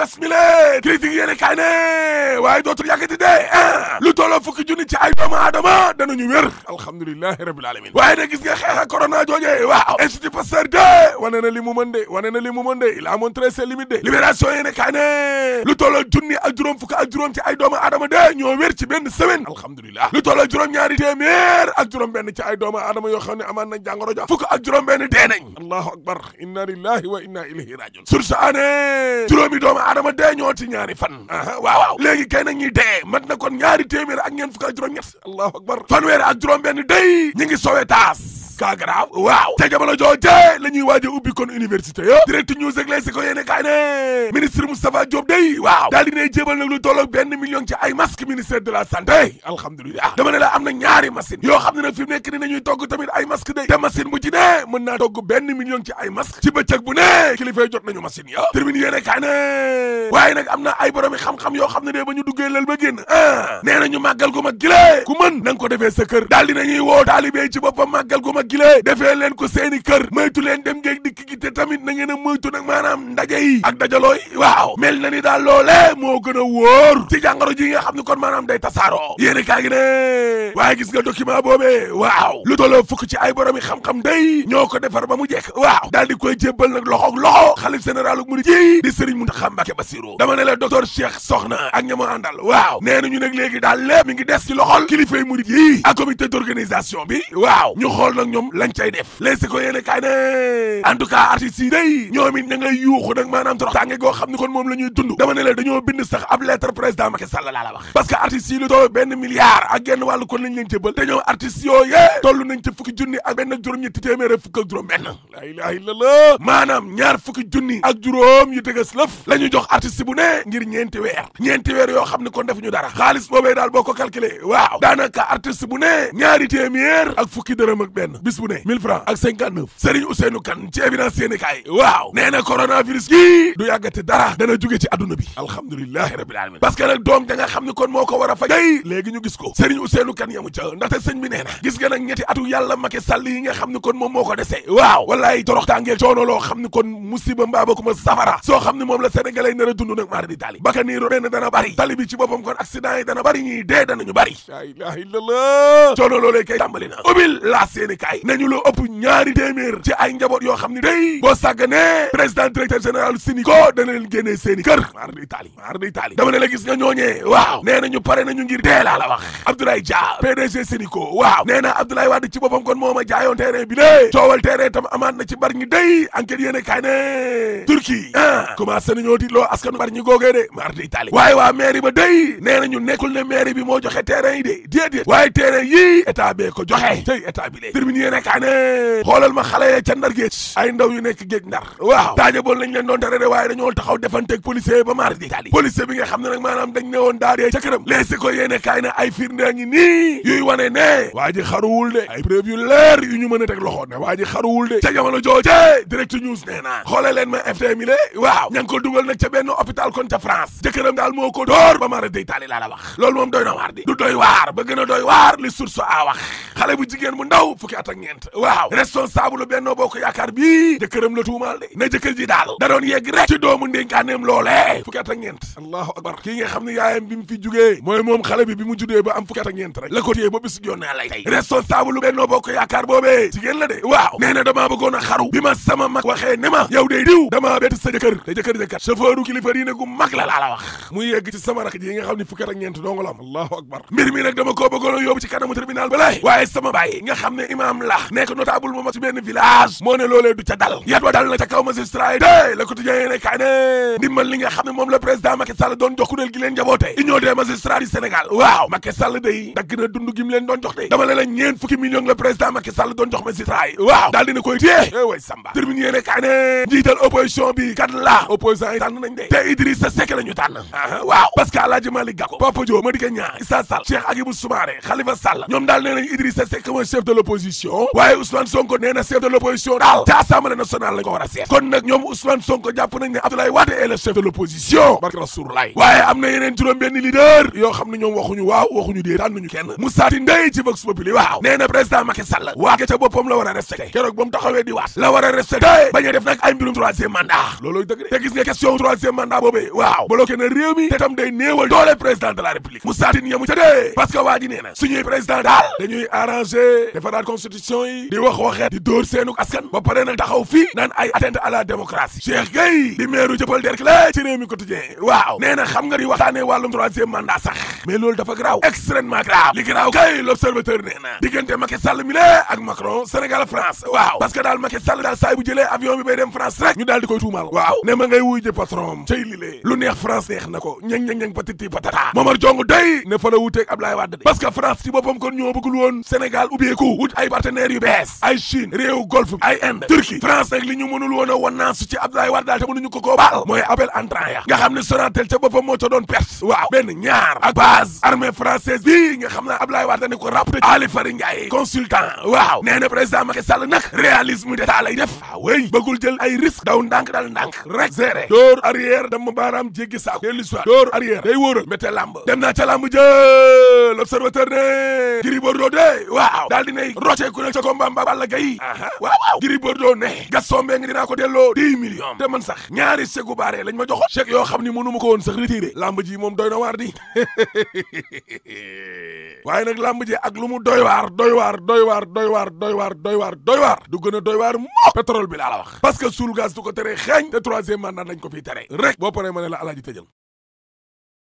mbes mi le critique yéene kaay ne waaye dootul yàkkati de ah. lu tolloo fukki junni ci ay doomu aadama danañu wér alhamdulilahi rabil alamin waaye nag gis nga xeex ak corona jooje waaw institut li mu mën de na li mu mën de il a ak juróom fukki ak juróom ci ay doomu aadama de ñoo wér ci benn semaine alhamdulilah lu tolloo juróom ñaari téeméer ak juróom benn ci ay doomu aadama yoo xam ne amaan nañ jàngoro ja ak juróom benn dee nañ allahu akbar inna lillahi wa inna ilayhi rajiun sursa ane juróomi doomu aadama dee ñoo ci ñaari fan waaw waaw léegi kay nag ñuy dee mat na kon ñaari téeméer ak ñeent fukk ak juróom-ñett allahu akbar fanweer ak juróom benn day ñi ngi sowe taas cas grave waaw te jamono jooje la ñuy waaj ubbi kon université yo direct news ak les ko yéene kaay ministre Moustapha Diop day waaw daal ne jébal nag lu tolloog benn million ci ay masque ministère de la santé alhamdulilah dama ne la am na ñaari machine yoo xam ne nag fi mu nekk ni nañuy togg tamit ay masque day te machine bu ci ne mën naa togg benn million ci ay masque ci bëccëg bu ne kilifay jot nañu machine ya termine yéene kaay ne waaye nag am na ay boromi xam-xam yoo xam ne ba ñu duggee lal ba génn ah na ko defee sa kër daal di gilee defee leen ko seeni kër moytu leen dem ngeeg dikk gi te tamit na ngeen a moytu nag maanaam ndaje yi ak dajalooy waaw mel na ni daal loole moo gën a wóor ci jàngoro ji nga xam ne kon maanaam day tasaaroo yéene kaa ngi ne waaye gis nga document boobee waaw lu tolloo fukk ci ay boromi xam-xam day ñoo ko defar ba mu jekk waaw daal di koy jébbal nag loxoog loxo xalif généralu murid yi di Serigne Mountakha Mbacké Bassirou dama ne la docteur Cheikh Sokhna ak ña mu àndal waaw nee nañu nag léegi daal lépp mi ngi des ci loxol kilifay murid yi ak comité d'organisation bi waaw ñu ñoom lañ cay def Les Échos tout cas artistes yi day ñoom it xam ni kon moom la ñuy dund dama ne la dañoo bind sax ab lettre président Macky Sall laa la wax parce que artistes yi lu toll benn milliard ak genn wàllu kon lañ leen jëbal te ñoom artistes yooyee fukki junni ak ak juróom-ñetti téeméer ak fukk ak juróom jox artiste bu ne ngir ñeenti weer ñeenti weer yoo xam ne kon ñu dara xaalis boobee daal boo ko calculer waaw daanaka artiste bu ne ñaari téeméer ak fukki dërëm ak benn bis bu ne 1000 francs ak 59 Serigne Ousseynou Kane ci évidence yéene kaay waaw nee na coronavirus gii du yàggate dara dana jóge ci adduna bi alhamdulilahi rabbil alamin parce nag doom da nga xam ni kon moo ko war a faj day léegi ñu gis ko Serigne Ousseynou Kane yamu ca ndaxte sëñ bi nee na gis nga nag atu yàlla Macky Sall yi nga xam ni kon moom ko dese waaw wallaay torox tàngee coono loo xam ni kon musiba mbaaba ku ma safara soo xam ne moom la sénégalais nar a dund nag maara taali baka niiro benn dana bari tali ci boppam kon accident yi dana bari ñuy dee yoo xam ne day boo sàgganee président directeur général Senico dana leen génnee seeni kër maara di taali maara di taali dama ne la gis nga ñooñee waaw coowal terrain tam amaat na ci bari ñi day enquête yéene kaay ne Turquie ah commencé nañoo tiitloo askanu bari ñu googee de mar d' Italie waaye waa mairie ba day nee nañu nekkul ne mairie bi moo joxe terrain yi de déedéet waaye terrain yii état bee joxe tey état bi lee terminé yée nekkaa ne ma xale ya ca ndar géej ay ndaw yu nekk géej ndar waaw daaja bool lañ leen doon tere waaye dañoo taxaw defanteeg policier ba mar d' Italie policier bi nga xam ne nag maanaam ko yéene kaay na ay firnde ngi nii yuy wane ne waa ji xaruwul de ay preuve yu leer yu ñu mën a teg loxo ne waa ji wul de ca jamono jooje direct news nee naa xoole leen ma FT mi le waaw ña dugal nag ca benn hôpital kon ca France jëkkëram daal moo ko dóor ba mara day taali laa la wax loolu moom doy na waar di du doy waar ba gën a doy waar li source a wax xale bu jigéen bu ndaw fukki at ak ñeent waaw responsable Benno Bokk Yaakaar bi jëkkëram la tuumaal de na jëkkër da allahu akbar kii nga xam ne yaayam bi mu fi jugee mooy moom xale bi bi mu judee ba am fukki at rek la ko téye ba bis yoon lay tey a xaru yow day diw damaa sa jëkkër jëkkër jëkkat chauffeuru kilifa gu mag la wax muy yegg sama rak ji nga xam ne fukki ak ñeent dong allahu akbar mbir mi nag dama koo bëggoon yóbbu ci kanamu tribunal ba lay waaye sama baay nga xam ne imam la nekk notable mu mag ci benn village moo ne loolee du ca dal yat wa dal na ca kaw magistrat yi de la quotidien ne kaay ne ndimbal ne moom la président Macky Sall ne la la président Macky Sall doon jox magistrat yi waaw daal dina koy téye eh njiital opposition bi kat la yi tànn nañ de te Idrissa Seck la ñu tànn waaw parce Alaaji Malick Gakou Papa Diop Madické Niang Issa Sall Cheikh Agibou Soumaré Khalifa Sall ñoom daal nee nañ Idrissa Seck mooy chef de l'opposition waaye Ousmane Sonko nee na chef de l'opposition daal chef de l'opposition waaye am na yeneen juróom benn leader yoo xam ne ñoom waxuñu waaw waxuñu dee tànnuñu kenn Moussa Tindeye ci Vox Populi waaw nee na président Macky mbirum troisième mandat loolooy dëgg te gis nga question troisième mandat boobee waaw bloqué na réew te tam day néewal doole président de la république Moussa Tine yamu ca dee parce waa ji nee na suñuy daal dañuy arrangé defaraat constitution yi di wax waxeet di dóor seenu askan ba pare nag taxaw fii naan ay atteinte à la démocratie Cheikh Gueye di meeru jëppal derkle ci réew mi waaw nee xam nga di waxtaanee nee na diggante Macky Sall mi le ak Macron Sénégal France waaw France ne ma ngay wuy ji patron cay lilee lu neex France neex na ko ñeng ñeng patiti patata Momar Jong day ne fa la wuuteeg Abdoulaye Wade parce que France ci boppam kon ñoo bëggul woon Sénégal ubbeeku wut ay partenaires yu bees ay Chine réew Golfe ay Inde Turquie France rek li ñu mënul woon a wannaasu ci Abdoulaye Wade daal te mënuñu ko koo baal mooy appel entrant ya nga xam ne Sonatel ca boppam moo ca doon perte waaw benn ñaar ak base armée française bii ay risque daw ndànk dal ndànk rek géré door arrière dama baaraam jéggi saako dellu si door arrière day wóoral mbéte làmb dem naa ca làmb jë l'observateur ne Gris Bordeaux de waaw daal dinay roccee ku nekk ca combat ba Balla Gaye aha waaw waaw Gris Bordeaux ne Gaston Mbengue dinaa ko delloo dix millions te man sax ñaari chèque baare lañ ma joxoon chèque yoo xam ni mënu ma ko woon sax retiré làmb ji moom doy na waar di waaye nag làmb ji ak lu mu doy waar doy waar doy waar doy waar doy waar doy waar du gën a doy waar moo pétrole bi laa la parce que suul gaz du ko tere xeeñ te troisième mandat dañ ko fiy tere rek boo paree ma ne la alaaji tëjal